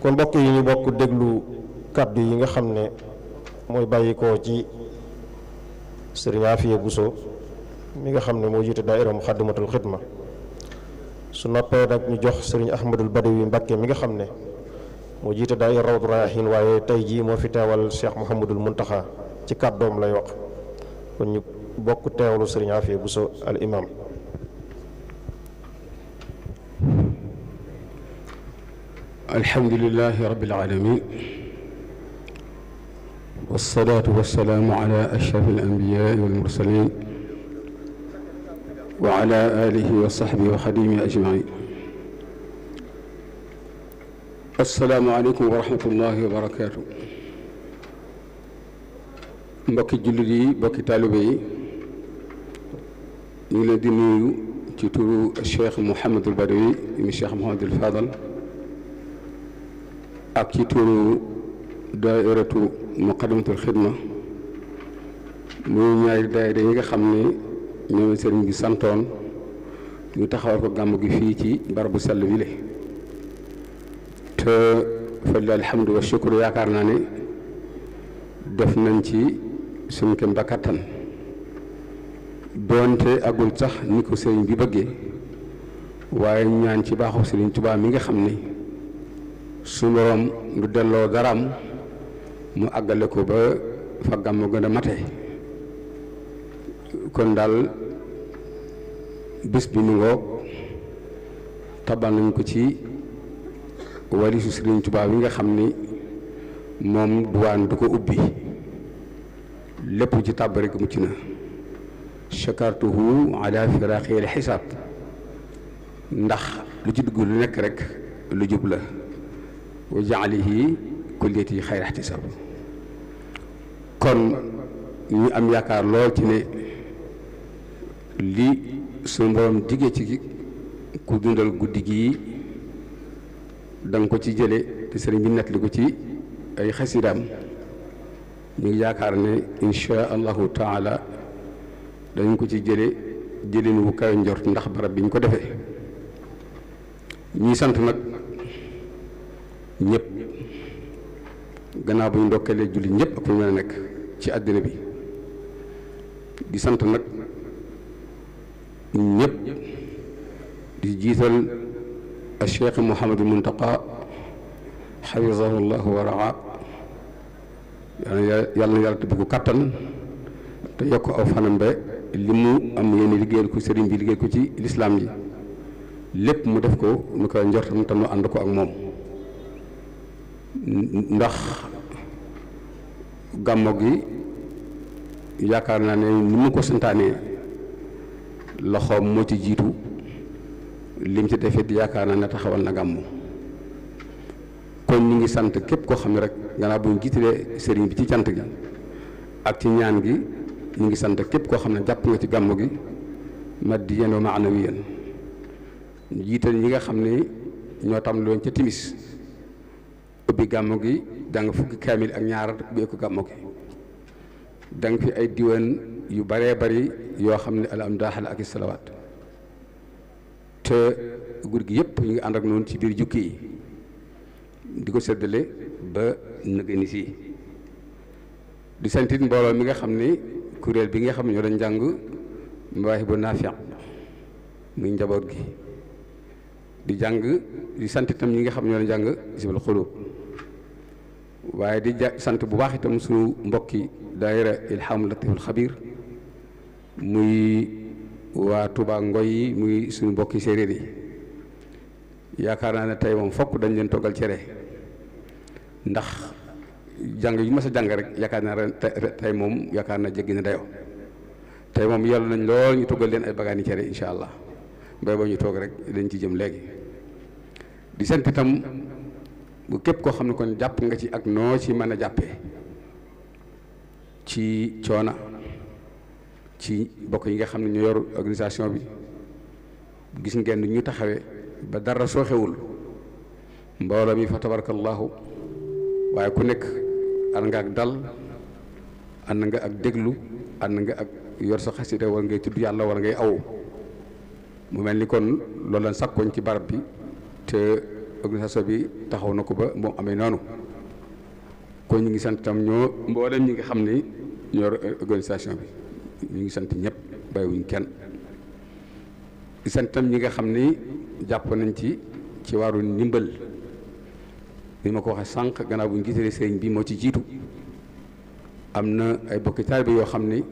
kon mbokk yi bokk déglu kàddu yi nga xam ne mooy bàyyikoo ci sëriñ Afia Bousso mi nga xam ne moo jiite daayira Muxaddamatul Xidma su noppee nag ñu jox sëriñ Ahmadul Badawi Mbàkke mi nga xam ne moo jiite daayira Rawdu Rayaahiin waaye tey jii moo fi teewal Cheikh Mouhamadul Muntaxa ci kàddoom lay wax kon ñu bokk teewlu sëriñ Afia Bousso al imam alhamdulilahi rabbil alamin wasalaatu wasalaamu ala ashraf alambiyaai walmursalin wa ala alihi wa saxbihi wa xadimi ajmain assalaamu aleykum wa rahmatullahi wa barakaatu mbokki jullit yi mbokki taalibe yi ñu ngi leen di nuyu ci turu Cheikh Mouhamadul Badawi mi Cheikh Mouhamadul Fadal ak ci tuuru daairatu muqaddamatul xidma muy ñaari daayira yi nga xam ne ñoom sëriñ bi santoon ñu taxawal ko gàmm gi fii ci barabu sell bi le te fa lillahi alhamdu wa yaakaar naa ne def nañ ci suñ kem ba kattan doonte agul sax ni ko sëriñ bi bëggee waaye ñaan ci baaxu sëriñ Tuubaa mi nga xam ne suñu boroom du delloo daraam mu àggale ko ba fagga mu gën a mate kon daal bis bi mu ngoog tabal nañ ko ci walisu Sëriñ Tuubaa bi nga xam ni moom duwaan du ko ubbi lépp ci tàbb rek mucc na shakartuhu ala firaqil xisaab ndax lu ci dugg lu nekk rek lu jub la wa jaalihi kulliyati ci ihtisaab kon ñu am yaakaar lool ci ne li suñu borom diggee ci ku dundal guddi gii da ko ci jële te sëriñ bi nettali ko ci ay xasidaam ñu ngi yaakaar ne insha allahu taala dañ ko ci jële jëlin bu kawe njort ndax barab bi ñu ko defee ñuy sant nag ñëpp gannaaw bu ñu ndokkeelee jullit ñëpp ak fu ñu a nekk ci àddina bi di sant nag ñëpp di jiital a cheikh Mouhamadou Muntaqa xafizahu llahu wa raa yàlla na yàlla te bu ko kàttan te yokk aw fanam be li mu am yéen liggéeyal ko sëriñ bi liggéey ko ci lislaam yi lépp mu def ko nu koy njortam te nu ànd ko ak moom ndax gàmmo gi yaakaar naa ne ni mu ko santaanee loxoom moo ci jiitu lim ci defit yaakaar naa ne taxawal na gàmmu kon ñu ngi sant képp koo xam ne rek gannaaw bu ñu jiitalee sëriñ bi ci cant gi ak ci ñaan gi mu ngi sant képp koo xam ne jàpp nga ci gàmmu gi di na wa maanawiyan jiital ñi nga xam ni ñoo tam loon ca timis ubbi gàmmu gi danga fukki kaamil ak ñaar ubbee ko gàmmu gi danga fi ay diwan yu baree bari yoo xam ne alhamdulilah ak salawaat te gur gi yëpp ñu ngi ànd ak noonu ci biir jukki yi di ko seddale ba nëgëni si di santit mbooloo mi nga xam ne kuréel bi nga xam ñoo doon jàng Mawaahibu Naafi' muy njaboot gi di jàng di santitam ñi nga xam ñoo doon jàng Jazbul Quluub waaye di ja sant bu baax itam suñu mbokki daayira ilham latiful xabir muy waa Touba Ngoy yi muy suñu mbokki séeréer yi yaakaar naa ne tey moom fokk dañ leen toggal cere ndax jàng yu ma sa jàng rek yaakaar naa ren tey moom yaakaar naa jéggi na dayoo tey moom yàlla nañ lool ñu toggal leen ay bagaani cere incha allah mbay ba ñu toog rek dañ ci jëm léegi di sant itam bu képp koo xam ne kon jàpp nga ci ak noo ci mën a jàppee ci coona ci bokk yi nga xam ne ñu yor organisation bi gis ngeen ñu taxawee ba dara sooxewul mbooloo mi fa tabarakallahu waaye ku nekk ànd nga ak dal ànd nga ak déglu ànd nga ak yor sa xasida war ngay tudd yàlla war ngay aw mu mel ni kon loolu lañ sàkkoon ci barab bi te organisation bi taxaw na ko ba moom amee noonu kon ñu ngi sant tam ñoo mboolem ñi nga xam ni ñoo organisation bi ñu ngi sant ñépp bàyyiwuñ kenn di sant tam ñi nga xam ni jàpp nañ ci ci waaru ndimbal li ma ko waxee sànq gannaaw buñ ñu gisee sëriñ bi moo ci jiitu am na ay bokki taalibe yoo xam ni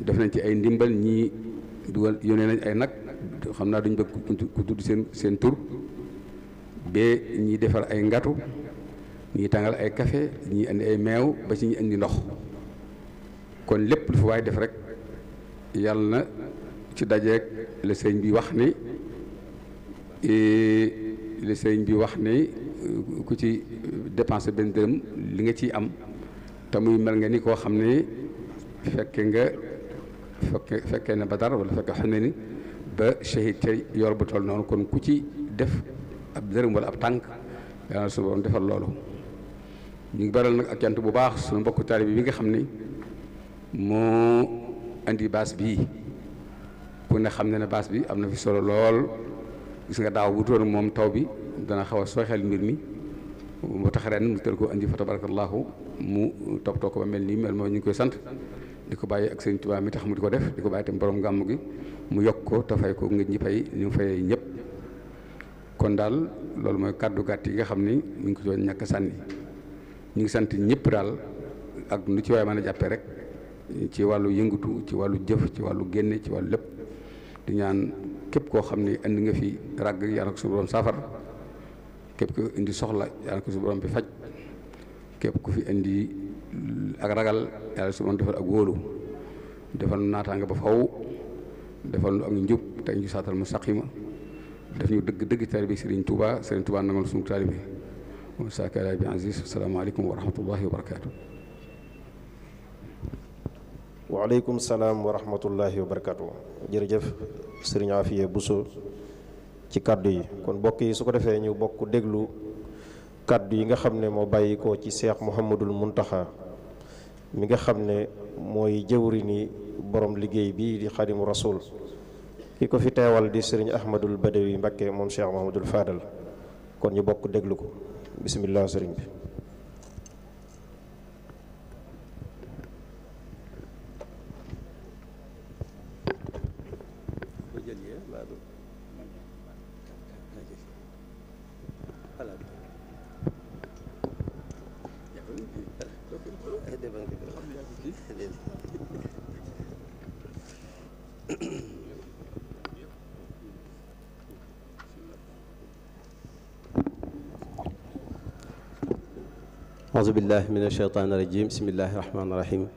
def nañ ci ay ndimbal ñii dugal yónnee nañ ay nag xam naa duñ bëgg ku tudd seen seen tur ba ñi defar ay ngatu ñi tàngal ay kafe ñi indi ay meew ba ci ñi indi ndox kon lépp lu fa waay def rek yàlla na ci dajeeg le sëñ bi wax ni e, sëñ bi wax ni ku ci dépensé benn dërëm li nga ciy am te muy mel nga ni koo xam ne fekke nga fekke fekkee na Badar wala fekke xam ne ni ba shahid ca yor bu toll noonu kon ku ci def ab dërëm wala ab tànk yàlla na suñu loolu ñu ngi baral nag ak cant bu baax suñu mbokku taalibe bi nga xam ni moo indi baas bii ku ne xam ne ne baas bi am na fi solo lool gis nga daaw bu doon moom taw bi dana xaw a soo sooxeel mbir mi moo tax ren mu tër ko indi fa tabarakallahu mu toppatoo ko ba mel nii mel moo ñu ngi koy sant di ko bàyyi ak sëñ Tuubaa mi tax mu di ko def di ko bàyyi tam borom gàmm gi mu yokk ko te fay ko ngir ñi fay ñu fay ñëpp kon daal loolu mooy kàddu gàtt yi nga xam ni ñu ngi ko doon ñàkk sànni ñu ngi sant ñëpp daal ak nu ci waay mën a jàppee rek ci wàllu yëngatu ci wàllu jëf ci wàllu génne ci wàllu lépp di ñaan képp koo xam ni indi nga fi ràgg yàlla ko suñu borom saafar képp ko indi soxla yàlla ko suñu borom bi faj képp ku fi indi ak ragal yàlla suñu borom defal ak wóolu defal naataanga ba faw defal ak njub te ñu saatal mu saqima def ñu dëgg dëgg taalibe Serigne Touba Serigne Touba nangal suñu taalibe moom saakala bi aziz asalaamaaleykum wa rahmatullahi wa barakaatu. waaleykum salaam wa rahmatullahi wa barakaatu. jërëjëf Serigne Afia Bousso ci kàddu yi kon mbokk yi su ko defee ñu bokk déglu kàddu yi nga xam ne moo bàyyi ko ci Cheikh Mouhamadul Muntaxa mi nga xam ne mooy jëwri ni borom liggéey bii di xadimu rasul ki ko fi teewal di sëriñ ahmadul badawi mbakke moom cheikh mahamadul fadal kon ñu bokk déglu ko bisimilah sëriñ bi أعوذ بالله من الشيطان الرجيم بسم الله الرحمن الرحيم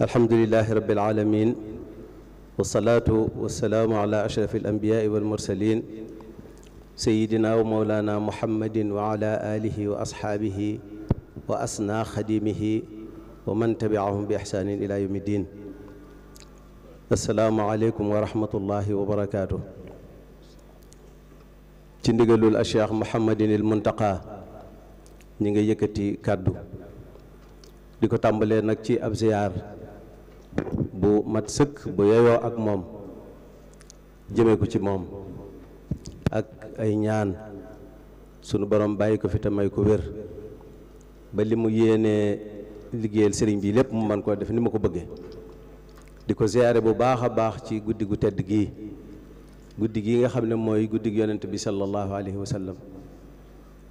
الحمد لله رب العالمين والصلاة والسلام على أشرف الأنبياء والمرسلين سيدنا ومولانا محمد وعلى آله وأصحابه وأسنى خديمه ومن تبعهم بإحسان إلى يوم الدين السلام عليكم ورحمة الله وبركاته تندقل الأشياخ محمد المنتقى ñu nga yëkkati kàddu di ko tàmbalee nag ci ab ziyaar bu mat sëkk bu yeyoo ak moom jëmee ko ci moom ak ay ñaan sunu borom bàyyi ko fi te may ko wér ba li mu yéenee liggéeyal sëriñ bi lépp mu man koo def ni ma ko bëggee di ko ziyaare bu baax a baax ci guddi gu tedd gii guddi gii nga xam ne mooy guddi gu yonent bi sallallahu alayhi wa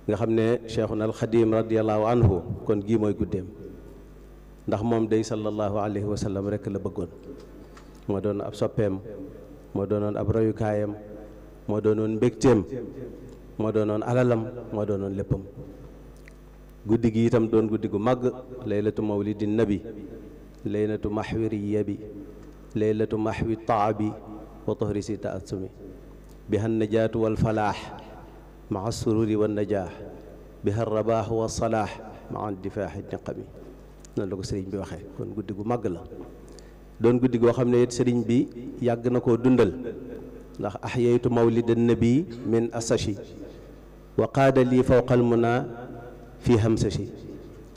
nga xam ne cheikhuna alxadim radiallahu anhu kon gii mooy guddeem ndax moom day sallallahu alayhi wa la bëggoon moo doon ab soppeem moo doonoon ab rayukaayam moo doonoon mbégteem moo doonoon alalam moo doonoon léppam guddi gi itam doon guddi gu màgg laylatu mawlidi nabi laylatu maxwi riya laylatu maxwi taa bi si taasumi bi han najaatu wal falaax maa sururi wa najaax biha rabaax wa salaax maa difaaxi niqami noonu la ko sëriñ bi waxee kon guddi gu màgg la doon guddi goo xam ne it sëriñ bi yàgg na koo dundal ndax axyaytu mawlida nabi min asashi wa qaada lii fawqal fi xam hamsashi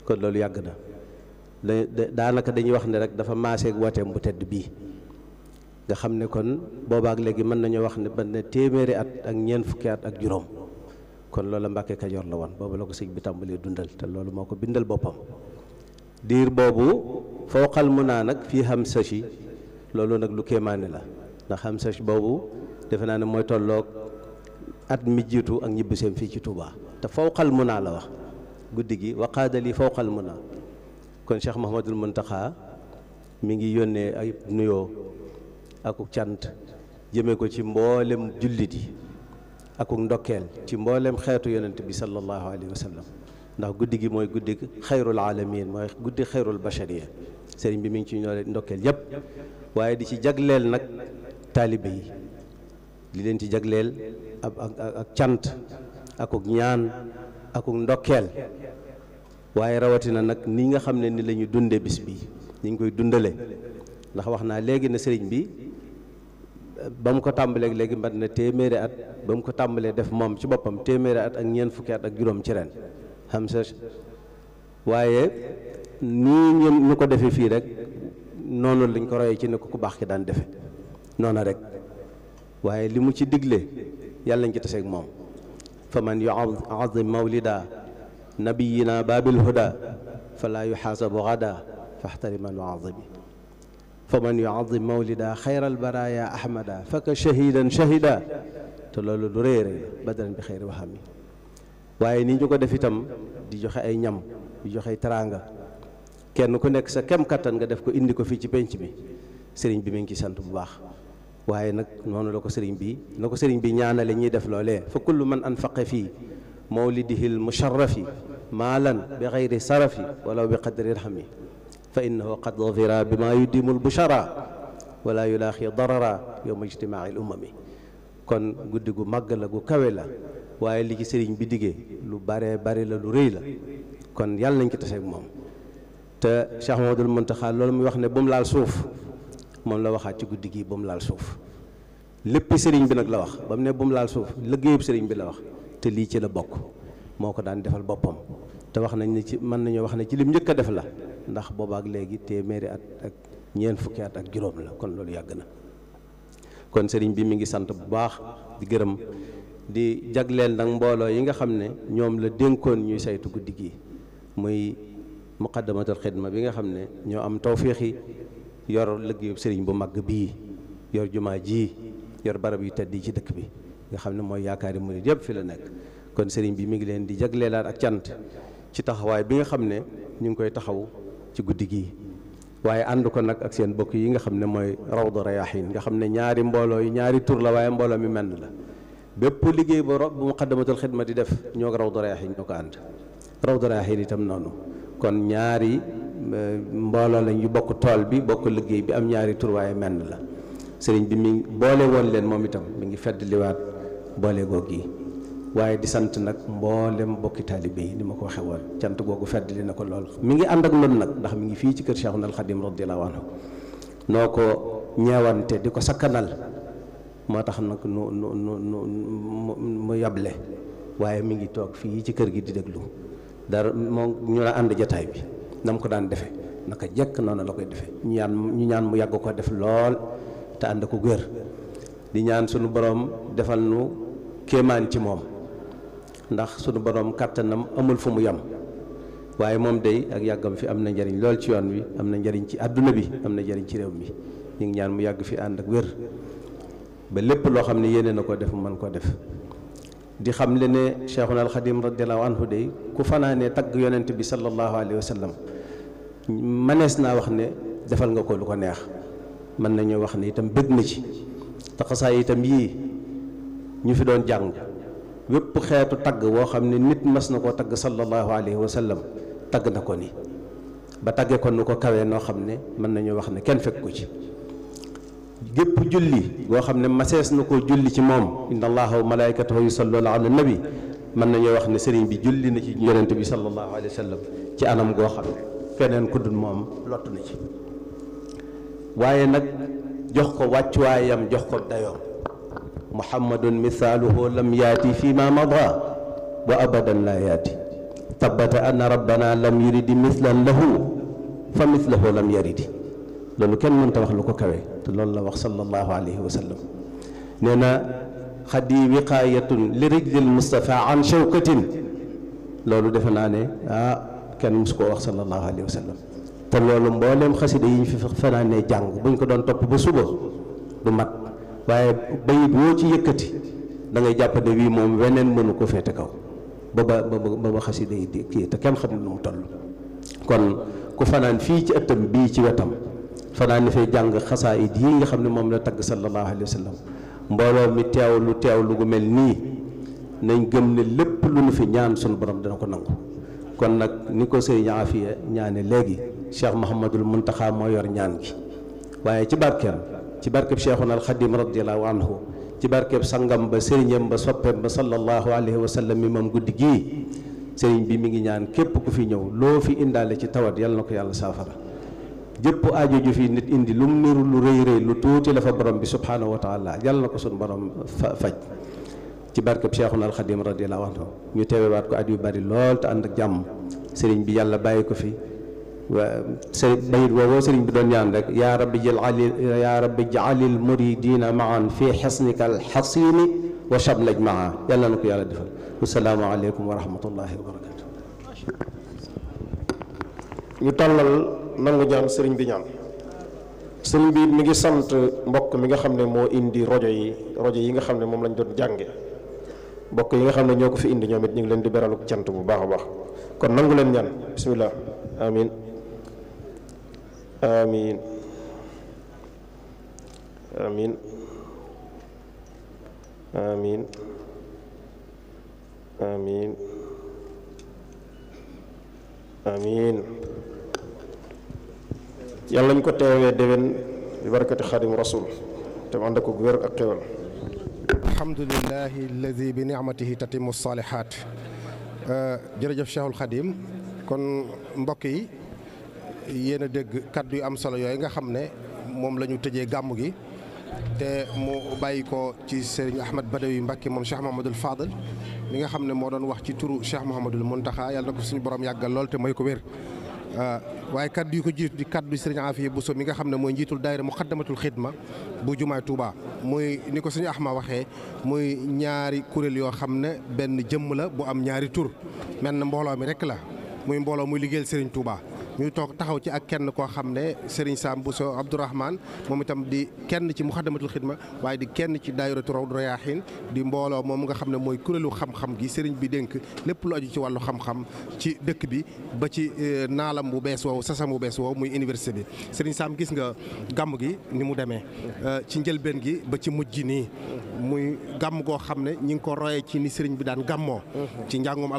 kon loolu yàgg na daanaka dañuy wax ne rek dafa maaseeg wooteem bu tedd bii nga xam ne kon boobaak léegi mën nañoo wax ne ban téeméeri at ak ñeent fukki at ak juróom kon loola Mbàkke Kajoor la woon boobu la ko sëñ bi tàmbalee dundal te loolu moo ko bindal boppam diir boobu fawqal mu naa nag fi xam sachi loolu nag lu kéemaane la ndax xam sachi boobu defe naa ne mooy tolloog at mi jiitu ak ñibbiseem fii ci Touba te fawqal mu naa la wax guddi gi waqaadali fawqal mu naa kon Cheikh Mahamadul taxaa mi ngi yónnee ay nuyoo akuk cant jëmee ko ci mboolem jullit yi akuk ndokkeel ci mbooleem xeetu yonent bi sallallahu alayhi wa ndax guddi gi mooy guddi xayrul alamin mooy guddi xayrul bashariya sëriñ bi mi ngi ci ñoo ndokkeel yépp waaye di ci jagleel nag taalibe yi di leen ci jagleel ak cant akuk ñaan akuk ndokkeel waaye rawatina nag ni nga xam ne ni lañu ñu dunde bis bi ñu ngi koy dundale ndax wax naa léegi ne sëriñ bi ba mu ko tàmbaleek léegi mat na téeméeri at ba mu ko tàmbalee def moom ci boppam téeméeri at ak ñeent fukki at ak juróom ci ren xam sa waaye nii ñun ñu ko defee fii rek noonu lañ ko royee ci ne ko ku baax ki daan defe noona rek waaye li mu ci digle yàlla nañ ci moom fa man yuazim mawlida nabiyina babil huda fala yuxaasabu gada faxtariman waazimi fa man yuazim mawlida xayral baraya ahmada faka shahidan shahida te loolu lu réy réy badaran bi xayri waxam waaye ni ñu ko def itam di joxe ay ñam di joxe ay kenn ku nekk sa kem kàttan nga def ko indi ko fii ci penc bi sëriñ bi mi ngi ci sant bu baax waaye nag noonu la ko sëriñ bi na ko sëriñ bi ñaanale ñuy def loole fa kullu man anfaqa fii mawlidihi l musharrafi maalan bi xayri sarafi wala bi qadri rahmi fa innahu qad dhafira bi maa yudimul bushara wala yulaaxi darara yowma ijtimaai mi kon guddi gu màgg la gu kawe la waaye li ci sëriñ bi diggee lu bare bare la lu rëy la kon yàlla nañ ci taseeg moom te Cheikh Mamadul Muntaxa loolu muy wax ne ba mu laal suuf moom la waxaat ci guddi gi ba mu laal suuf lépp sëriñ bi nag la wax ba mu ne bu mu laal suuf liggéeyub sëriñ bi la wax te lii ci la bokk moo ko daan defal boppam te wax nañ ne ci mën nañoo wax ne ci lim njëkk a def la ndax ak léegi téeméeri at ak ñeent fukki at ak juróom la kon loolu yàgg na kon sëriñ bi mi ngi sant bu baax di gërëm di jagleel nag mbooloo yi nga xam ne ñoom la dénkoon ñuy saytu guddi gi muy muqaddamatul ma bi nga xam ne ñoo am tawféexi yor liggéeyub sëriñ bu mag bii yor jumaa ji yor barab yu tedd yi ci dëkk bi nga xam ne mooy yaakaari murid yëpp fi la nekk kon sëriñ bi mi ngi leen di jagleelaat ak cant ci taxawaay bi nga xam ne ñu ngi koy taxaw ci guddi gi waaye ànd ko nag ak seen bokk yi nga xam ne mooy rawdu rayaxiin nga xam ne ñaari mbooloo yi ñaari tur la waaye mbooloo mi menn la bépp liggéey bu bu muqaddamatul xidma di def ñoo ko rawdu rayaxiin ñoo ko ànd rawdu rayaxiin itam noonu kon ñaari euh, mbooloo lañ yu bokk tool bi bokk liggéey bi am ñaari tur waaye menn la sëriñ bi mi boole woon leen moom itam mi ngi fedd liwaat boole googu yi waaye di sant nag mboolem bokki taalibe yi ni ma ko waxee woon cant fedd feddali na ko lool mi ngi ànd ak loolu nag ndax mi ngi fii ci kër Cheikhoul Khadim radiyallahu anhu noo ko ñeewante di ko sakkanal moo tax nag nu nu mu waaye mi ngi toog fii ci kër gi di déglu dara moom ñu la ànd jataay bi na mu ko daan defe naka jekk noonu la koy defee ñu ñaan ñu ñaan mu yàgg ko def lool te ànd ko gër di ñaan sunu boroom defal nu kéemaan ci moom ndax sunu borom kàttanam amul fu mu yam waaye moom day ak yàggam fi am na njariñ lool ci yoon wi am na njariñ ci àdduna bi am na njariñ ci réew mi ñu ngi ñaan mu yàgg fi ànd ak wér ba lépp loo xam ne yéene na ko def mën koo def di xam le ne cheikhuna alxadim radiallahu anhu day ku fanaanee tagg yonent bi sallallahu alayhi wa sallam manees naa wax ne defal nga ko lu ko neex mën nañoo wax ne itam bëgg na ci taxasaay itam yii ñu fi doon jàng wépp xeetu tagg woo xam ne nit mas na koo tagg sallallahu alayhi wa sallam tagg na ko ni ba tagge ko nu ko kawee noo xam ne mën nañu wax ne kenn fekk ko ci gépp julli goo xam ne masees na koo julli ci moom inna allaha wa malaikatahu yusalluna ala nabi mën nañoo wax ne sëriñ bi julli na ci yonent bi sallallahu alayhi wa sallam ci anam goo xam ne keneen ku dul moom lottu na ci waaye nag jox ko wàccuwaayam jox ko dayoom muhammadun mithaaluhu lam yaati fi ma mada wa abadan laa yaati tabbata anna rabbana lam yuridi mithlan lahu fa mithlahu lam yaridi loolu kenn mënta wax lu ko kawe te loolu la wax sallallahu alayhi wa sallam nee na xadi wiqaayatun li rijlil mustafa an shawkatin loolu defe naa ne ah kenn mosu koo wax sallallahu alayhi wa sallam te loolu mbooleem xasida yi ñu fi fanaanee jàng buñ ko doon topp ba suba du mat waaye bayit woo ci yëkkati da ngay jàpp ne wii moom weneen mënu ko féete kaw ba ba ba ba xasida yi di kii te kenn xamul nu mu toll kon ku fanaan fii ci ëttam bii ci wetam fanaan ni fay jàng xasaa it yi nga xam ne moom la tagg sallallahu alayhi wa sallam mbooloo mi teew lu teew lu gu mel nii nañ gëm ne lépp lu nu fi ñaan suñu borom dana ko nangu kon nag ni ko sëriñ Afiya ñaane léegi Cheikh Mouhamadul Muntaxa moo yor ñaan gi waaye ci barkeem ci barkeb Cheikhuna Alxadim radiallahu anhu ci barkeb sangam ba sëriñam ba soppeem ba sallallahu alayhi wa mi moom guddi gii sëriñ bi mi ngi ñaan képp ku fi ñëw loo fi indaale ci tawat yàlla na ko yàlla saafara jëpp aajo ju fi nit indi lu mu niru lu rëy rëy lu tuuti la fa borom bi subhaanahu wa taala yàlla na ko suñu borom fa faj ci barkeb Cheikhuna Alxadim radiallahu anhu ñu teewewaat ko at yu bari lool te ànd ak jàmm sëriñ bi yàlla bàyyi ko fi waa sëriñ bayit woowoo sëriñ bi doon ñaan rek yaa rabbi jali yaa rabbi jaalil muridina maan fii xasnika alxasini wa shablaj maa yàlla na ko yàlla defal wasalaamu aleykum wa rahmatullahi wa barakatu ñu tàllal nangu ñaan sëriñ bi ñaan sëriñ bi mi ngi sant mbokk mi nga xam ne moo indi rajo yi rajo yi nga xam ne moom lañ doon jànge mbokk yi nga xam ne ñoo ko fi indi ñoom it ñu ngi leen di beraluk cant bu baax a baax kon nangu leen ñaan bismillah amin amiin amiin amiin amiin ñu ko teewee déwén bi barakati xaadimu rasul te mu ànd ak wér ak xéwal alhamdulilahi alladi bi nicmatihi tatimu saalihaat jërëjëf Cheikhul Xadim kon mbokk yi yéen a dégg kaddu yu am solo yooyu nga xam ne moom la ñu tëjee gàmm gi te mu bàyyi ko ci sëriñ Ahmad Badawi Mbacke moom Cheikh Mouhamadul Fadal mi nga xam ne moo doon wax ci turu Cheikh Mouhamadul Mountakha yàlla na ko suñu borom yàggal lool te mooy ko wér. Euh, waaye kaddu yu ko jiitu di kaddu sëriñ Afiya so mi nga xam ne mooy njiitul daayira muqaddamatul xidma bu jumaay Touba muy ni ko suñu Ahmad waxee muy ñaari kuréel yoo xam ne benn jëmm la bu am ñaari tur mel na mbooloo mi rek la muy mbooloo muy liggéey sëriñ Touba. ñu toog taxaw ci ak kenn koo xam ne Serigne Sam Bousso Abdourahman moom itam di kenn ci muxaddamatul xidma waaye di kenn ci daayiratu Rawdu Rayaahin di mbooloo moom nga xam ne mooy kuréelu xam-xam gi Serigne bi dénk lépp lu aju ci wàllu xam-xam ci dëkk bi ba ci euh, naalam bu bees woowu sasam bu bees woowu muy université bi Serigne Sam gis nga gàmm gi ni mu demee euh, ci njëlbeen gi ba ci mujj nii muy gàmm goo xam ne ñi ngi ko royee ci ni Serigne bi daan gàmmoo mm-hmm. ci njàngoom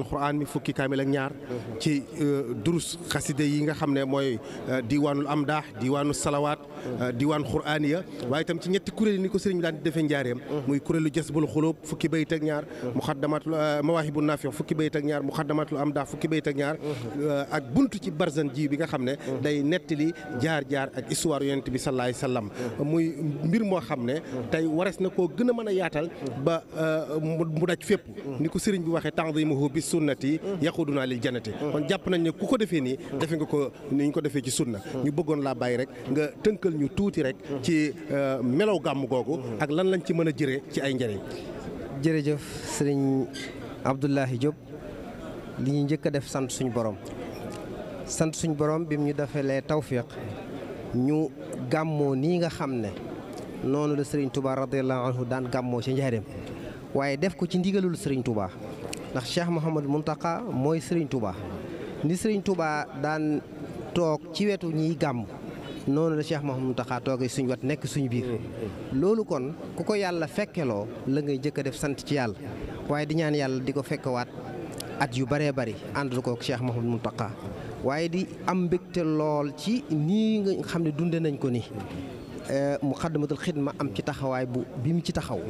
nga xam ne mooy euh, diwaanul amdaax diwaanu salawaat euh, diwaan quraaniya waaye itam ci ñetti kuréel yi ni ko sëriñ bi daan di defee njaareem muy kuréelu jasbul xulóob fukki bayit ak ñaar muxaddamatul euh, mawaahibu naafiq fukki bayit ak ñaar muxaddamatul amdaax fukki bayit ak ñaar ak buntu ci barzan ji bi nga xam ne day nettali jaar jaar ak histoire yonent bi salaay sallam muy mbir moo xam ne tey wares na ko gën a mën a yaatal ba mu daj fépp ni ko sëriñ bi waxee tanzimuhu bi sunnati yaquduna lil jannati kon jàpp ko ni ñu ko defee ci sunna ñu bëggoon laa bàyyi rek nga tënkal ñu tuuti rek ci euh, melow gàmm googu ak lan lañ ci mën a jëre ci ay njëriñ jërëjëf sëriñ Abdoulahi Diop li ñu njëkk a def sant suñu borom sant suñu borom bim ñu defalee tawfiq ñu gàmmoo nii nga xam ne noonu la sëriñ Touba radiyallahu anhu daan gàmmoo ci njaareem waaye def ko ci ndigalul sëriñ Touba ndax Cheikh Mouhamadou Mountakha mooy sëriñ Touba. ni sëriñ Touba daan toog ci wetu ñiy gàmm noonu la Cheikh Mouhamadou Mountakha tooge suñu wet nekk suñu biir loolu kon ku ko yàlla fekkeloo la ngay jëkk a def sant ci yàlla waaye di ñaan yàlla di ko fekkewaat at yu bëree bëri ànd ko ak Cheikh Mouhamadou Mountakha waaye di am mbégte lool ci nii nga xam ne dunde nañ ko ni eh, mu xaddamatul xidma am ci taxawaay bu bi mu ci taxaw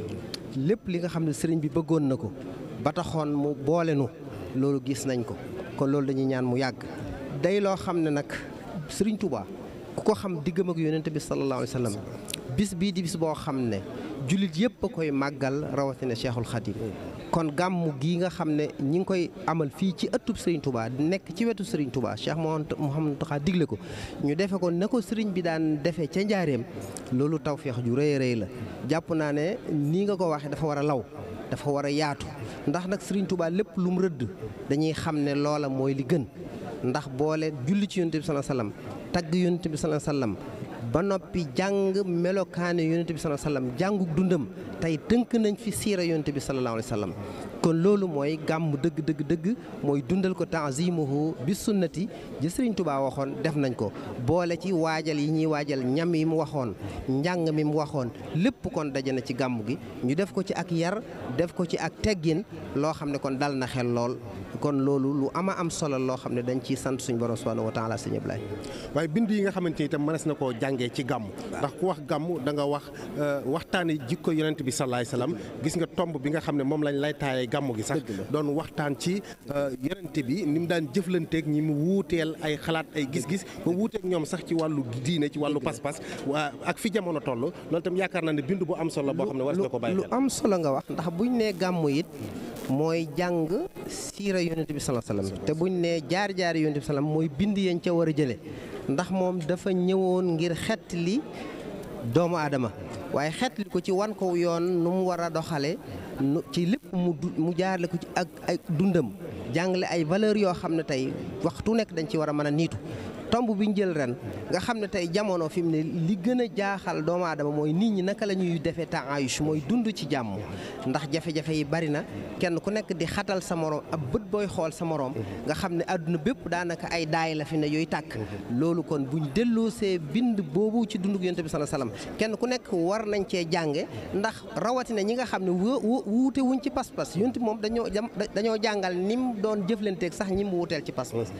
lépp li nga xam ne sëriñ bi bëggoon na ko ba taxoon mu boole nu loolu gis nañ ko kon loolu dañuy ñaan mu yàgg day loo xam ne nag Sëriñ Tuubaa ku ko xam diggam ak yonent bi sallallahu alayhi wa bis bii di bis boo xam ne jullit yëpp a koy màggal rawatina Cheikhul Khadim kon gàmm gii nga xam ne ñi ngi koy amal fii ci ëttub Serigne Touba nekk ci wetu Serigne Touba Cheikh Mouhamadou Taxa digle ko ñu defe ko na ko Serigne bi daan defee ca njaareem loolu tawféex ju rëy rëy la jàpp naa ne nii nga ko waxee dafa war a law dafa war a yaatu ndax nag Serigne Touba lépp lu mu rëdd dañuy xam ne loola mooy li gën ndax boole julli ci yonent bi sallallahu alayhi wasallam tagg yonent bi sallallahu sallam ba noppi jàng melokaane yonent bi sallallahu alayhi wasallam jàngu dundam tey tënk nañ fi siira yonent bi sallallahu alayhi wasallam kon loolu mooy gàmmu dëgg dëgg dëgg mooy dundal ko tanzimuhu bi sunnati ji Sëriñ Tuubaa waxoon def nañ ko boole ci waajal yi ñuy waajal ñam yi mu waxoon njàng mi mu waxoon lépp kon daje na ci gàmm gi ñu def ko ci ak yar def ko ci ak teggin loo xam ne kon dal na xel lool kon loolu lu ama am solo loo xam ne dañ ciy sant suñu borom subhaanahu wa taala sëñ jàngee ci gàmm ndax ku wax gàmm da nga wax euh, waxtaane jikko yonent bi salaay salaam gis nga tomb bi nga xam ne moom lañ lay taayee gàmm gi sax doon waxtaan ci euh, yonent bi ni mu daan jëflanteeg ñi mu wuuteel ay xalaat ay gis-gis ba wuuteeg ñoom sax ci wàllu diine ci wàllu pas-pas waa ak fi jamono toll loolu tam yaakaar naa ne bind bu am solo boo xam ne war na ko bàyyi lu am solo nga wax ndax buñ nee gàmm yit mooy jàng siira yonent bi salaay salaam te buñ nee jaar jaar yonent bi salaam mooy bind yeen ca war a jële xett li doomu aadama waaye xett li ko ci wan ko yoon nu mu war a doxale ci lépp mu mu jaarle ko ci ak ak dundam jàngale ay valeur yoo xam ne tey waxtu nekk dañ ci war a mën a niitu tomb bi ñu jël ren nga xam ne tey jamono fi mu ne li gën a jaaxal doomu aadama mooy nit ñi naka la ñuy defee taayush mooy dund ci jàmm ndax jafe-jafe yi bari na kenn ku nekk di xatal sa morom ab bët booy xool sa morom nga xam ne àdduna bépp daanaka ay daay la fi ne yooyu tàkk loolu kon buñ delloosee bind boobu ci dundug yonte bi sallallahu alayhi wasallam kenn ku nekk war nañ cee jànge ndax rawatina ñi nga xam ne wuute wuñ ci pas-pas yonte moom dañoo dañoo jàngal ni mu doon jëflanteeg sax ñi mu ci pas-pas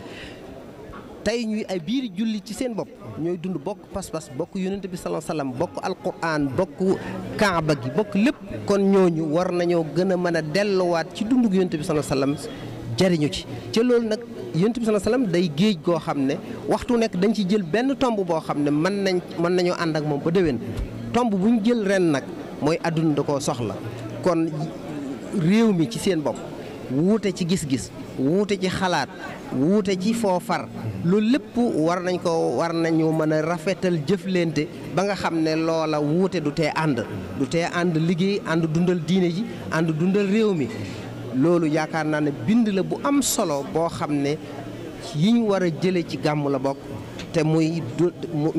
day ñuy ay biiri julli ci seen bopp ñooy dund bokk pas-pas bokk yonent bi sallallahu alayhi wasallam bokk alquran bokk kaaba gi bokk lépp kon ñooñu war nañoo gën a mën a delluwaat ci dundug yonent bi sallallahu alayhi wasallam jariñu ci ca loolu nag yonent bi sallallahu alayhi day géej goo xam ne waxtu nekk dañ ci jël benn tomb boo xam ne mën nañ mën nañoo ànd ak moom ba déwén tomb bu ñu jël ren nag mooy àdduna da koo soxla kon réew mi ci seen bopp wuute ci gis-gis wuute ci xalaat wuute ci foofar loolu lépp war nañ ko war nañu mën a rafetal jëflente ba nga xam ne loola wuute du tee ànd du tee ànd liggéey ànd dundal diine ji ànd dundal réew mi loolu yaakaar naa ne bind la bu am solo boo xam ne yiñ war a jële ci gàmm la bokk te muy du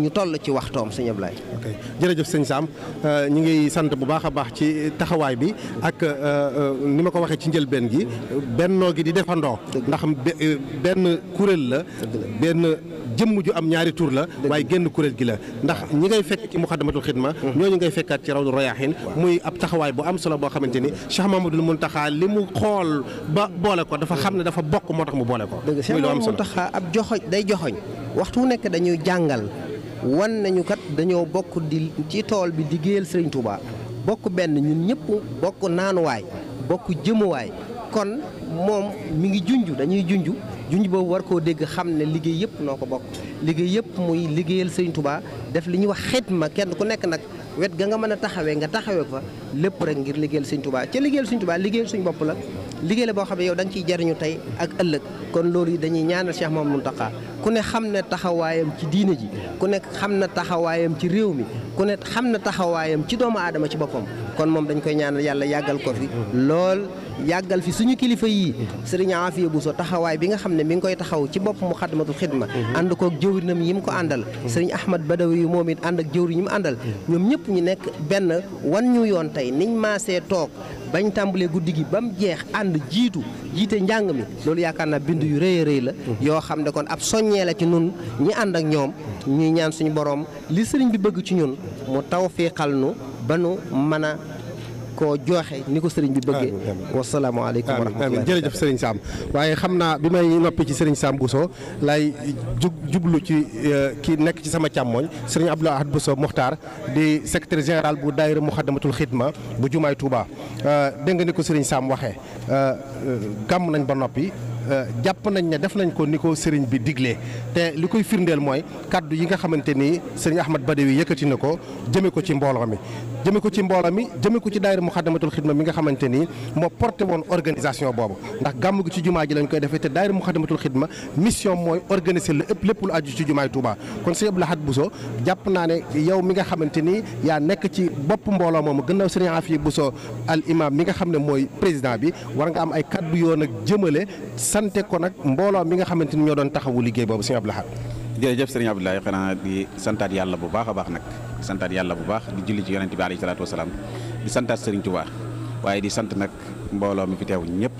ñu toll ci waxtoom sëñ Ablaye. ok jërëjëf sëñ Sam euh, ñu ngi sant bu baax a baax ci taxawaay bi ak euh, euh, ni ma ko waxee ci benn gi bennoo gi di defandoo. ndax benn kuréel la. benn jëmm ju am ñaari tur la. waaye génn kuréel gi la ndax ñi ngay fekk ci muxaddamatul xidma. ñooñu ngay fekkaat ci rawdu royaaxin. muy ab taxawaay bu am solo boo xamante ni Cheikh mun Muntaxa li mu xool ba boole ko dafa xam ne dafa bokk moo tax mu boole ko. muy lu am solo dëgg Cheikh Mamadul Muntaxa ab day joxoñ. waxtu wu nekk dañuy jàngal wan nañu kat dañoo bokk di ci tool bi di géyal Serigne bokk benn ñun ñëpp bokk naanuwaay bokk jëmuwaay kon moom mu ngi junj dañuy junj junj boobu war koo dégg xam ne liggéey yëpp noo ko bokk liggéey yëpp muy liggéeyal Serigne Touba def li ñuy wax xidma kenn ku nekk nag wet ga nga mën a taxawee nga taxawee ko fa lépp rek ngir liggéeyal Sëñ Tuubaa ca liggéeyal Sëñ Tuubaa liggéeyal suñ bopp la liggéey la boo xam ne yow da nga ciy jariñu tey ak ëllëg kon loolu yi dañuy ñaanal Cheikh Mouhamadou Mountakha ku ne xam ne taxawaayam ci diine ji ku ne xam na taxawaayam ci réew mi ku ne xam na taxawaayam ci doomu aadama ci boppam kon moom dañ koy ñaanal yàlla yàggal ko fi lool yàggal fi suñu kilifa yii sëriñ Afia Bousso taxawaay bi nga xam ne mi ngi koy taxaw ci bopp mu xadamatul xidma mhm. ànd kook jëwrinam yi mu ko àndal mhm. yu moom it ànd ak jëwri ñi mu àndal ñoom ñëpp ñu nekk benn wan ñu yoon tey niñ maasee toog bañ tàmbalee guddi gi ba mu jeex ànd jiitu jiite njàng mi loolu yaakaar naa bind yu rëy rëy la yoo xam ne kon ab soññee la ci nun ñi ànd ak ñoom ñuy ñaan suñu boroom li sëriñ bi bëgg ci ñun mu taw nu ba nu mën koo jooxe ni ko sëriñ bi bëggee wasalaamaaleykum wa rahmatulah jërëjëf sëriñ saam waaye xam naa bi may noppi ci sëriñ Sam Bousso lay jublu ci euh, ki nekk ci sama càmmooñ sëriñ Abdou Ahad Bousso Mokhtar di secrétaire général bu daayira Muxaddamatul Xidma bu Jumaay Touba euh, dégg nga ni ko sëriñ Sam waxee euh, gàmm nañ ba noppi jàpp nañ ne def nañ ko ni ko sëriñ bi digle te li koy firndeel mooy kàddu yi nga xamante ni sëriñ Ahmad Badawi yëkkati na ko jëme ko ci mbooloo mi jëme ko ci mbooloo mi jëme ko ci daayira Muxaddamatul Xidma mi nga xamante nii moo porté woon organisation boobu ndax gàmmu gi ci jumaa ji lañ koy defee te daayira Muxaddamatul Xidma mission mooy organiser la ëpp lépp lu aju ci jumaay Touba kon sëñ Abdou Lahad jàpp naa ne yow mi nga xamante nii yaa nekk ci bopp mbooloo moomu gannaaw sëriñ Afiya Bousso al imam mi nga xam ne mooy président bi war nga am ay kàddu yoon nag jëmale sante ko nag mbooloo mi nga xamante ni ñoo doon taxawu liggéey boobu sëñ Abdou Lahad jërëjëf sëriñ Abdoulaye xanaa di santaat yàlla bu baax a baax nag di santaat yàlla bu baax di julli ci yonent bi alayhi salaatu wasalaam di santaat sëriñ Tuubaa waaye di sant nag mbooloo mi fi teew ñëpp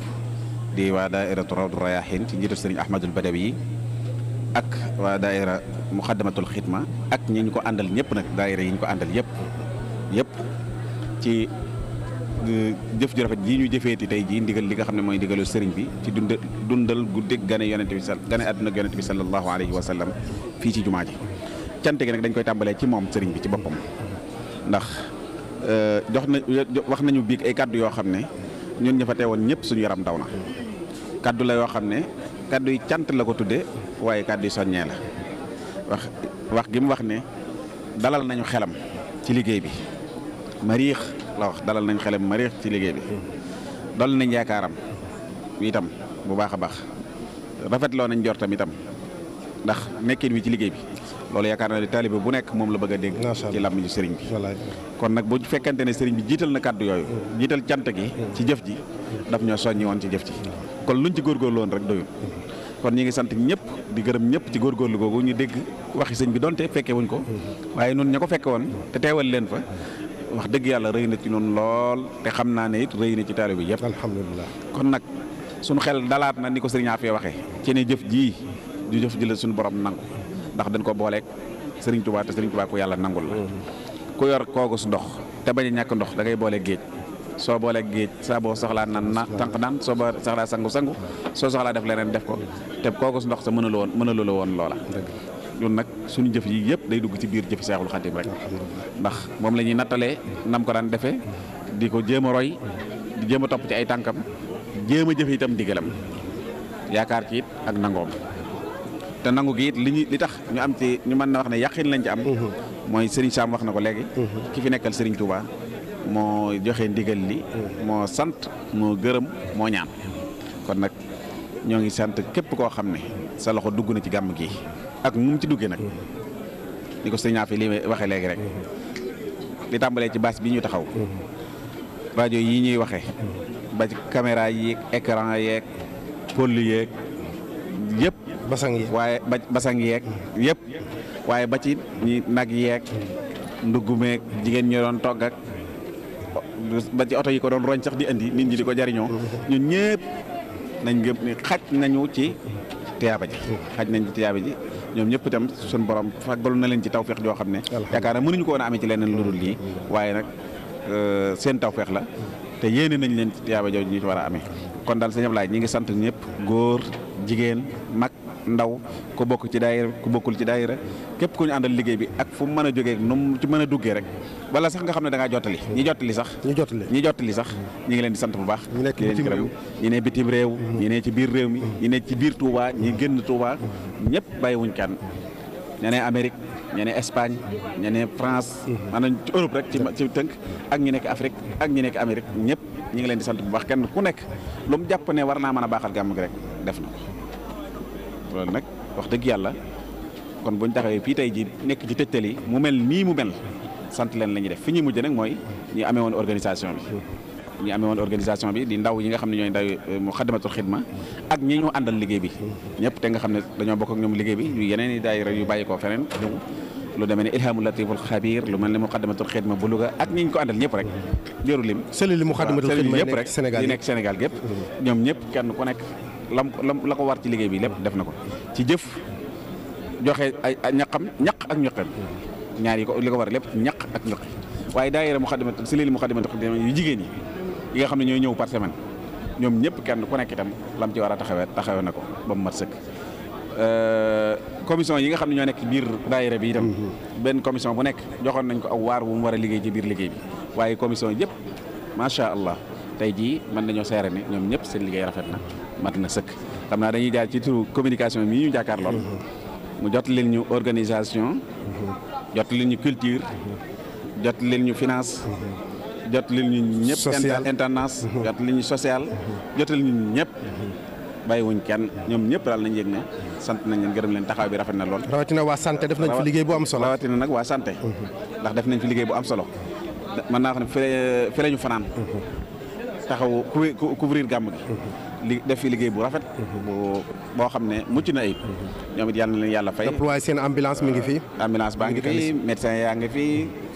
di waa daairatu rawdu rayahin ci njiitu sëriñ Ahmadul Badawi yi ak waa daaira muxaddamatul xidma ak ñi ñu ko àndal ñëpp nag daaira yi ñu ko àndal yëpp ci jëf ju rafet ji ñu jëfeeti tey jii ndigal li nga xam ne mooy ndigalu sëriñ bi ci dund dundal guddeeg gane yonente bi gane àdduna ak yonente bi sallallahu alayhi fii ci jumaa ji cant gi nag dañ koy tàmbalee ci moom sëriñ bi ci boppam ndax euh, jox na wax nañu biig ay kàddu yoo xam ne ñun ña fa teewoon ñëpp suñu yaram ndaw na kàddu la yoo xam ne kàddu yi cant la ko tudde waaye kàddu yi soññee la wax wax gi mu wax ne dalal nañu xelam ci liggéey bi mariix la wax dalal nañ xelam mariix ci liggéey bi dolli nañ yaakaaram itam bu baax a baax rafetloo nañ jortam itam ndax nekkin wi ci liggéey bi loolu yaakaar naa ne taalibe bu nekk moom la bëgg a dégg ci ñu sëriñ bi kon nag bu fekkante ne sëriñ bi jiital na kàddu yooyu jiital cant gi ci jëf ji daf ñoo soññi woon ci jëf ji kon luñ ci góorgóorlu woon rek doyul kon ñu ngi sant ñëpp di gërëm ñëpp ci góorlu googu ñu dégg waxi sëñ bi donte fekke wuñ ko wax dëgg yàlla rëy na ci noonu lool te xam naa ne it rëy na ci taalibe bi yëpp. alhamdulilah kon nag sunu xel dalaat na ni ko sëriñ Afia waxee. ci ne jëf jii ju jëf ji la suñu borom nangu ndax dañ ko booleeg sëriñ Touba te sëriñ Touba ku yàlla nangul la. Mm-hmm. ku yor koogus ndox te bañ a ndox da ngay boole géej. soo boolee géej saa boo soxlaa nan na tànk naan soo ba sangu sangu soo soxlaa def leneen def ko te kooku ndox sa mënuloo woon mënuloo la woon loola ñun nag suñu jëf yi yëpp day dugg ci biir jëfi Seexul Xadim rek ndax moom la ñuy nattalee nam ko daan defee di ko jéem a roy di jéem a topp ci ay tànkam jéem a jëfe itam ndigalam yaakaar ci it ak nangoom te nangu gi it li ñu li tax ñu am ci ñu mën na wax ne yàqin lañ ci am mhm. mooy Serigne Sam wax na ko léegi mhm. ki fi nekkal sëriñ Touba moo joxe ndigal li mhm. moo sant moo gërëm moo ñaan kon nag ñoo ngi sant képp koo xam ne sa loxo dugg na ci gàmm gi ak nu ci duggee nag ni ko sëñ Afi li waxee léegi rek li tàmbalee ci baas bi ñu taxaw rajo yi ñuy waxee ba ci caméra yeeg écran yeeg pôle yeeg yëpp. basang yeeg waaye yeeg yëpp waaye ba ci ñi nag yeeg ndugg meeg jigéen ñi doon togg ak ba ci oto yi ko doon roñ sax di indi nit ñi di ko jariñoo ñun ñëpp. nañ gëm ni xaj nañu ci tiyaaba ji xaj nañ ci tiyaaba ji ñoom ñëpp itam suñu borom faggalu na leen ci tawfeex joo xam ne yaakaar na mënuñu ko woon a ci leneen lu dul lii waaye nag euh, seen tawfeex la te yéene nañ leen ci tiyaaba jooju ñu ci war a amee kon daal sëñ Ablaye ñi ngi sant ñëpp góor jigéen mag ndaw ku bokk ci daayira ku bokkul ci daayira képp ku ñu àndal liggéey bi ak fu mu mën a jógee nu mu ci mën a duggee rek wala sax nga xam ne da ngaa jottali ñi jottali sax ñi jottali sax ñi ngi leen di sant bu baax ñi ne bitim réew mm-hmm. ñi ne ci biir réew mi ñi ne ci biir Touba ñi génn Touba mm-hmm. ñëpp bàyyiwuñ kenn ña ñenee Amérique ña ne Espagne ña ne France mm-hmm. maanaam ci Europe rek ci tënk ak ñi nekk Afrique ak ñi nekk Amérique ñëpp ñi ngi leen di sant bu baax kenn ku nekk lu mu jàpp ne war naa mën a baaxal gàmm gi rek def na ko loolu euh, nag wax dëgg yàlla kon buñ taxawee fii tey ji nekk ci tëjtal yi mu mel nii mu mel sant leen la ñuy def fi ñuy mujj nag mooy ñu amee woon organisation bi ñi amee woon organisation bi di ndaw yi nga xam ne ñooy ndaw euh, mu xaddamatul xidma ak ñi ñoo àndal liggéey bi ñëpp te nga xam ne dañoo bokk ak ñoom liggéey bi yu yeneen i daayira yu bàyyi koo feneen lu demee ne ilhaamul lu mel ne muqaddamatul xidma bu Louga ak ñi ñu ko àndal ñëpp rek jëru lim sëli li muqaddamatul xidma yëpp rek di nekk Sénégal gépp mm-hmm. ñoom ñëpp kenn ku nekk lam la ko war ci liggéey bi lépp def na ko ci jëf joxe ay ñaqam ñaq ak ñoqeem ñaar yi ko li ko war lépp ñaq ak ñoqi waaye daayira Muxaddamatul si léegi Muxaddamatul Xidma yu jigéen ñi yi nga xam ne ñooy ñëw par semaine ñoom ñëpp kenn ku nekk itam lam ci war a taxawee taxawee na ko ba mu mat sëkk euh, yi nga xam ne ñoo nekk biir daayira bi itam mhm. benn commission bu nekk joxoon nañ ko aw waar wu mu war a liggéey ci biir liggéey bi waaye commission yëpp macha allah tey jii mën nañoo seere ne ñoom ñëpp seen liggéey rafet na mat na sëkk xam naa dañuy daal ci turu communication mii ñu jàkkaar lool mu jot leen ñu organisation jot leen ñu culture jot leen ñu finance jot leen ñu ñëpp intendance mhm. jot leen ñu social mhm. jot leen ñu ñëpp bàyyi wuñ kenn ñoom ñëpp daal nañ yëg ne sant nañ leen gërëm leen taxaw bi rafet na lool. rawatina waa santé def nañ fi liggéey bu am solo. rawatina nag waa santé. Mhm. ndax def nañ fi liggéey bu am solo. mën naa wax ne fi la ñu fanaan. taxaw couvrir gàmm gi. li def fi liggéey bu rafet. Mhm. bu boo xam ne mucc na ayib. Mhm. ñoom it yal na leen yàlla fay. déployé seen ambulance mi ngi fi. ambulance baa ngi fi médecin yaa ngi fi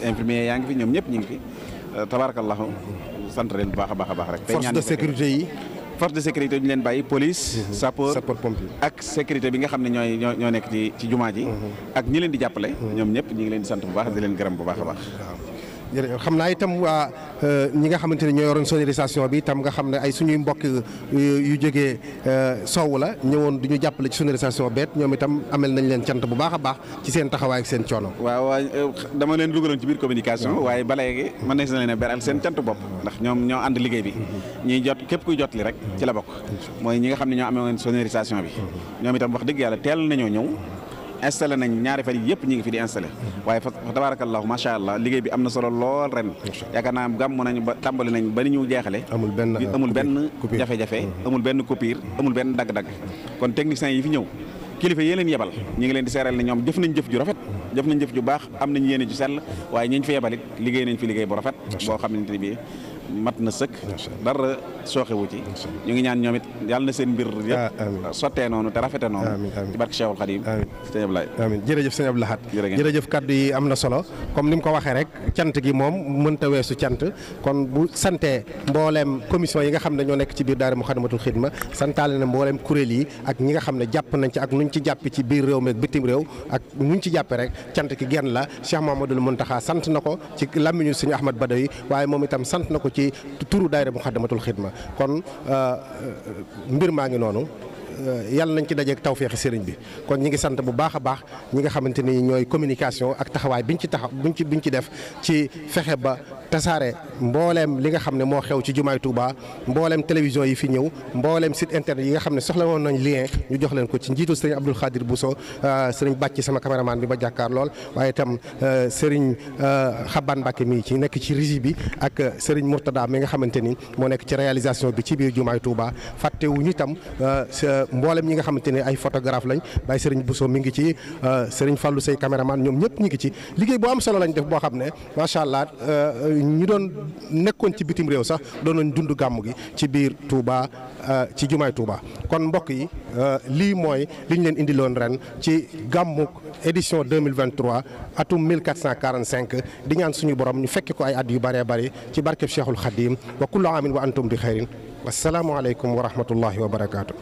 infirmier yaa ngi fi ñoom ñëpp ñu ngi fi euh, tabarakallahu mhm. sant leen bu baax a baax a baax rek. force de sécurité yi. force de sécurité ñu leen bàyyi police. sapeur sapeur pompier ak sécurité bi nga xam ne ñooy ñoo nekk ci ci jumaa ji. ak ñi leen di jàppale. ñoom ñëpp ñu ngi leen di sant bu baax di leen gërëm bu baax a xam naa itam waa euh, ñi nga xamante ne ñoo yoroon sonorisation bi tam nga xam ne ay suñuy mbokk yu jógee euh, soow la ñëwoon du ñu jàppale ci sonorisation beet ñoom itam amel nañ leen cant bu baax a baax ci seen taxawaay ak seen coono. waaw waaw euh, dama leen dugaloon ci biir communication. waaye ba léegi mën nañ leen beral seen cant bopp. ndax ñoom ñoo ànd liggéey bi. Mm-hmm. ñuy jot képp kuy jot li rek ci la bokk. Mm-hmm. mooy ñi nga xam ne ñoo amee woon sonorisation bi. Mm-hmm. ñoom itam wax dëgg yàlla teel nañoo ñëw. installé nañ ñaari fan yi yëpp ñu ngi fi di installé waaye fa tabarakallahu macha allah liggéey bi am na solo lool ren yaakaar naa gàmm nañ ba tàmbali nañ ba ni ñu jeexale amul benn jafe-jafe mhm. amul benn coupure amul benn dagg-dagg kon techniciens yi fi ñëw kilifa yee leen yebal ñu ngi leen di seeral ne ñoom jëf nañ jëf ju rafet jëf nañ jëf ju baax am nañ yéene ju sell waaye ñiñ fi yebal liggéey nañ fi liggéey bu rafet boo xamante ni bii mat na sëkk dara sooxewu ci ñu ngi ñaan ñoom it yàlla na seen mbir ah, yëpp sottee noonu te rafete noonu ci barke Cheikhul Khadim jërëjëf sëñ Abdou jërëjëf kaddu yi am na solo comme ni mu ko waxee rek cant gi moom mënta weesu cant kon bu santee mbooleem commission yi nga xam ne ñoo nekk ci biir daara Muxaddamatul Xidma santaale na mbooleem kuréel yi ak ñi nga xam ne jàpp nañ ci ak nuñ ci jàpp ci biir réew mi ak bitim réew ak nuñ ci jàppe rek cant gi genn la Cheikh Mamadou Muntaxa sant na ko ci làmmiñu sëñ Ahmad Badawi waaye moom ci turu daayira Muxaddamatul Xidma kon euh, mbir maa ngi noonu. Euh, yàlla nañ ci dajeeg tawféexi sëriñ bi kon ñi ngi sant bu baax a baax ñi nga xamante ni ñooy communication ak taxawaay bi ñu ci taxaw biñ ci biñ ci def ci fexe ba tasaare mbooleem li nga xam ne moo xew ci jumaay Touba mbooleem télévision yi fi ñëw mbooleem site internet yi nga xam ne soxla woon nañ lien ñu jox leen ko ci njiitu sëriñ Abdoul Khadir Bousso euh, sëriñ Bàcci sama caméraman bi ma jàkkaar lool waaye itam sëriñ Xaban Mbàkke mii ci nekk ci régie bi ak euh, sëriñ Mourtada mi nga xamante ni moo nekk ci réalisation bi ci biir jumaay Touba fàttewuñu itam euh, mbooleem ñi nga xamante ni ay photographe lañ waaye sëriñ Bousso mi ngi ci sëriñ Fallou say caméraman ñoom ñëpp ngi ci ñu doon nekkoon ci bitim réew sax doon nañ dund gàmmu gi ci biir Touba euh, ci jumaay Touba kon mbokk yi euh, lii mooy li ñu leen indiloon ren ci gàmmuk édition 2023 atum 1445 di ñaan suñu borom ñu fekki ko ay at yu bëree bëri ci barkeb Cheikhul Khadim wa kullu aamin wa antum bi xayrin wasalaamualeykum wa rahmatullahi wa barakaatu.